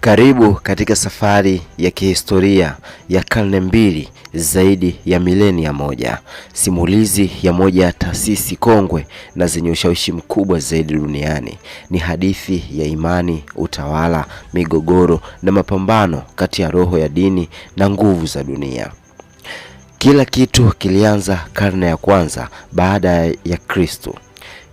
Karibu katika safari ya kihistoria ya karne mbili zaidi ya milenia moja, simulizi ya moja ya taasisi kongwe na zenye ushawishi mkubwa zaidi duniani. Ni hadithi ya imani, utawala, migogoro na mapambano kati ya roho ya dini na nguvu za dunia. Kila kitu kilianza karne ya kwanza baada ya Kristo.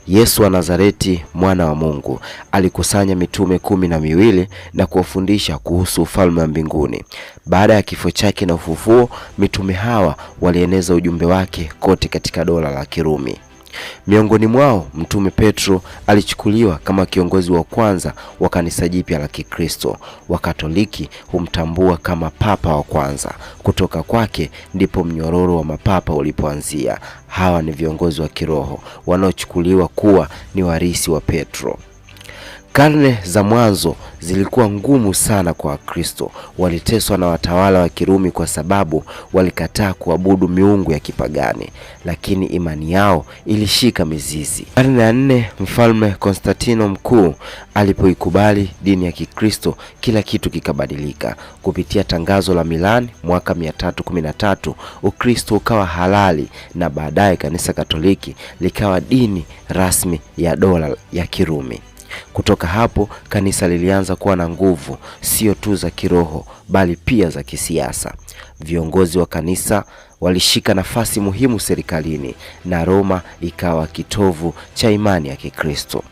Yesu wa Nazareti, mwana wa Mungu. Alikusanya mitume kumi na miwili na kuwafundisha kuhusu ufalme wa mbinguni. Baada ya kifo chake na ufufuo, mitume hawa walieneza ujumbe wake kote katika dola la Kirumi. Miongoni mwao Mtume Petro alichukuliwa kama kiongozi wa kwanza wa kanisa jipya la Kikristo. Wakatoliki humtambua kama papa wa kwanza. Kutoka kwake ndipo mnyororo wa mapapa ulipoanzia. Hawa ni viongozi wa kiroho wanaochukuliwa kuwa ni warisi wa Petro. Karne za mwanzo zilikuwa ngumu sana kwa Wakristo. Waliteswa na watawala wa Kirumi kwa sababu walikataa kuabudu miungu ya kipagani, lakini imani yao ilishika mizizi. Karne ya nne, Mfalme Konstantino Mkuu alipoikubali dini ya Kikristo, kila kitu kikabadilika. Kupitia tangazo la Milan mwaka 313, Ukristo ukawa halali na baadaye Kanisa Katoliki likawa dini rasmi ya dola ya Kirumi. Kutoka hapo kanisa lilianza kuwa na nguvu, sio tu za kiroho, bali pia za kisiasa. Viongozi wa kanisa walishika nafasi muhimu serikalini na Roma ikawa kitovu cha imani ya Kikristo.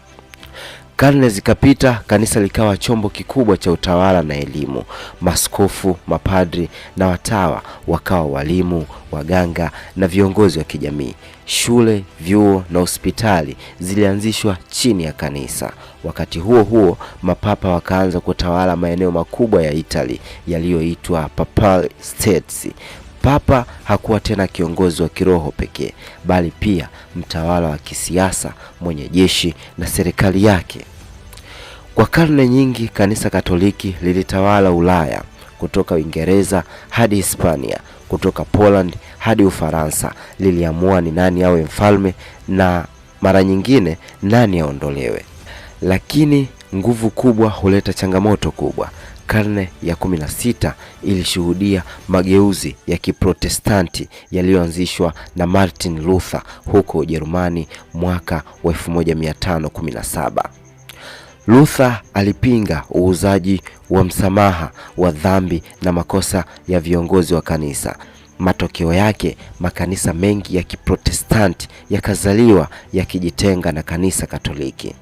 Karne zikapita, kanisa likawa chombo kikubwa cha utawala na elimu. Maskofu, mapadri na watawa wakawa walimu, waganga na viongozi wa kijamii. Shule, vyuo na hospitali zilianzishwa chini ya kanisa. Wakati huo huo, mapapa wakaanza kutawala maeneo makubwa ya Italy yaliyoitwa papal states. Papa hakuwa tena kiongozi wa kiroho pekee, bali pia mtawala wa kisiasa, mwenye jeshi na serikali yake. Kwa karne nyingi, Kanisa Katoliki lilitawala Ulaya kutoka Uingereza hadi Hispania, kutoka Poland hadi Ufaransa. Liliamua ni nani awe mfalme na mara nyingine nani aondolewe. Lakini nguvu kubwa huleta changamoto kubwa. Karne ya 16 ilishuhudia mageuzi ya Kiprotestanti yaliyoanzishwa na Martin Luther huko Ujerumani mwaka wa 1517. Luther alipinga uuzaji wa msamaha wa dhambi na makosa ya viongozi wa kanisa. Matokeo yake makanisa mengi ya Kiprotestanti yakazaliwa yakijitenga na kanisa Katoliki.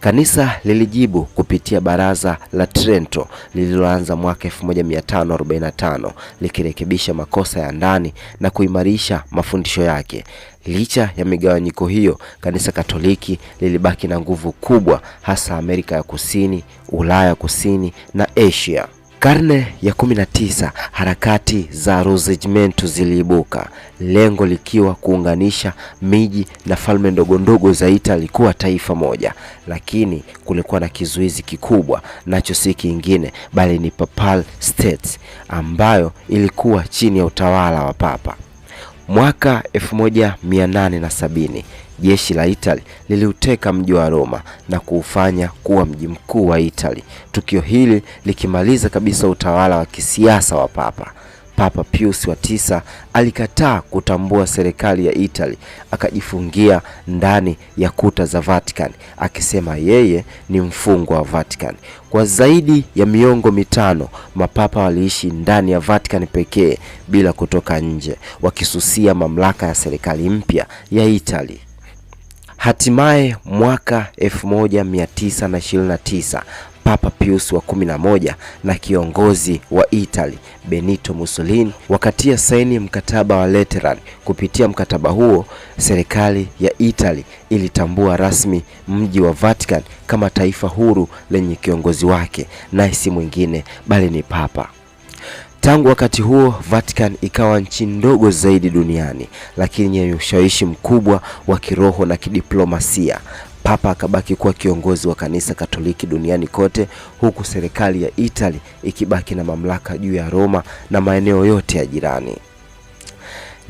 Kanisa lilijibu kupitia Baraza la Trento lililoanza mwaka 1545 likirekebisha makosa ya ndani na kuimarisha mafundisho yake. Licha ya migawanyiko hiyo, Kanisa Katoliki lilibaki na nguvu kubwa hasa Amerika ya Kusini, Ulaya Kusini na Asia. Karne ya 19 harakati za Risorgimento ziliibuka, lengo likiwa kuunganisha miji na falme ndogo ndogo za itali kuwa taifa moja, lakini kulikuwa na kizuizi kikubwa, nacho si kingine bali ni Papal States ambayo ilikuwa chini ya utawala wa Papa. Mwaka 1870 jeshi la Italy liliuteka mji wa Roma na kuufanya kuwa mji mkuu wa Italy, tukio hili likimaliza kabisa utawala wa kisiasa wa Papa. Papa Pius wa tisa alikataa kutambua serikali ya Italy, akajifungia ndani ya kuta za Vatican akisema yeye ni mfungwa wa Vatican. Kwa zaidi ya miongo mitano, mapapa waliishi ndani ya Vatican pekee bila kutoka nje, wakisusia mamlaka ya serikali mpya ya Italy. Hatimaye mwaka 1929 Papa Pius wa 11 na kiongozi wa Italy Benito Mussolini wakatia saini mkataba wa Lateran. Kupitia mkataba huo, serikali ya Italy ilitambua rasmi mji wa Vatican kama taifa huru lenye kiongozi wake, naye si mwingine bali ni Papa. Tangu wakati huo Vatican ikawa nchi ndogo zaidi duniani, lakini yenye ushawishi mkubwa wa kiroho na kidiplomasia. Papa akabaki kuwa kiongozi wa kanisa Katoliki duniani kote, huku serikali ya Italy ikibaki na mamlaka juu ya Roma na maeneo yote ya jirani.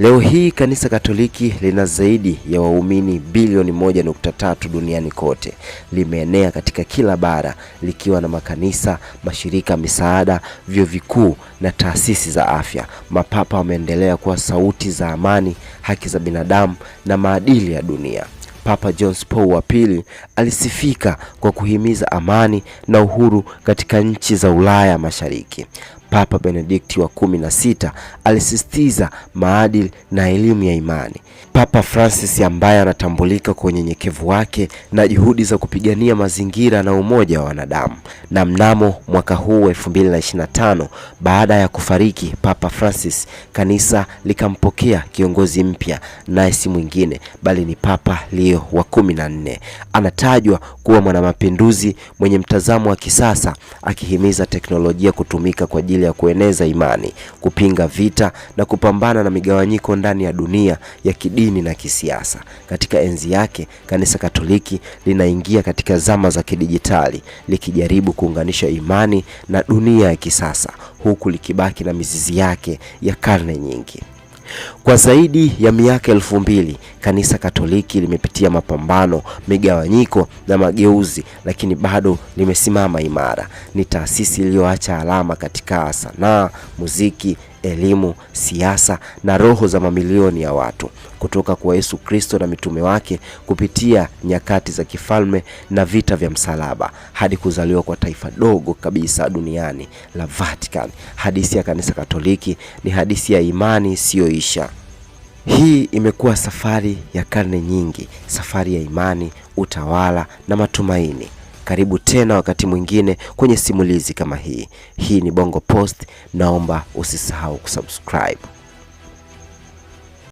Leo hii kanisa Katoliki lina zaidi ya waumini bilioni moja tatu duniani kote. Limeenea katika kila bara likiwa na makanisa, mashirika misaada, vyuo vikuu na taasisi za afya. Mapapa wameendelea kuwa sauti za amani, haki za binadamu na maadili ya dunia. Papa John Paul wa pili alisifika kwa kuhimiza amani na uhuru katika nchi za Ulaya Mashariki. Papa Benedikti wa kumi na sita alisisitiza maadili na elimu ya imani. Papa Francis ambaye anatambulika kwa unyenyekevu wake na juhudi za kupigania mazingira na umoja wa wanadamu. Na mnamo mwaka huu 2025 baada ya kufariki Papa Francis, kanisa likampokea kiongozi mpya, naye si mwingine bali ni Papa Leo wa kumi na nne. Anatajwa kuwa mwanamapinduzi mwenye mtazamo wa kisasa, akihimiza teknolojia kutumika kwa ajili ajili ya kueneza imani, kupinga vita na kupambana na migawanyiko ndani ya dunia ya kidini na kisiasa. Katika enzi yake, Kanisa Katoliki linaingia katika zama za kidijitali likijaribu kuunganisha imani na dunia ya kisasa huku likibaki na mizizi yake ya karne nyingi. Kwa zaidi ya miaka elfu mbili Kanisa Katoliki limepitia mapambano, migawanyiko na mageuzi, lakini bado limesimama imara. Ni taasisi iliyoacha alama katika sanaa, muziki elimu, siasa na roho za mamilioni ya watu kutoka kwa Yesu Kristo na mitume wake kupitia nyakati za kifalme na vita vya msalaba hadi kuzaliwa kwa taifa dogo kabisa duniani la Vatican. Hadithi ya kanisa Katoliki ni hadithi ya imani isiyoisha. Hii imekuwa safari ya karne nyingi, safari ya imani, utawala na matumaini. Karibu tena wakati mwingine kwenye simulizi kama hii. Hii ni Bongo Post, naomba usisahau kusubscribe.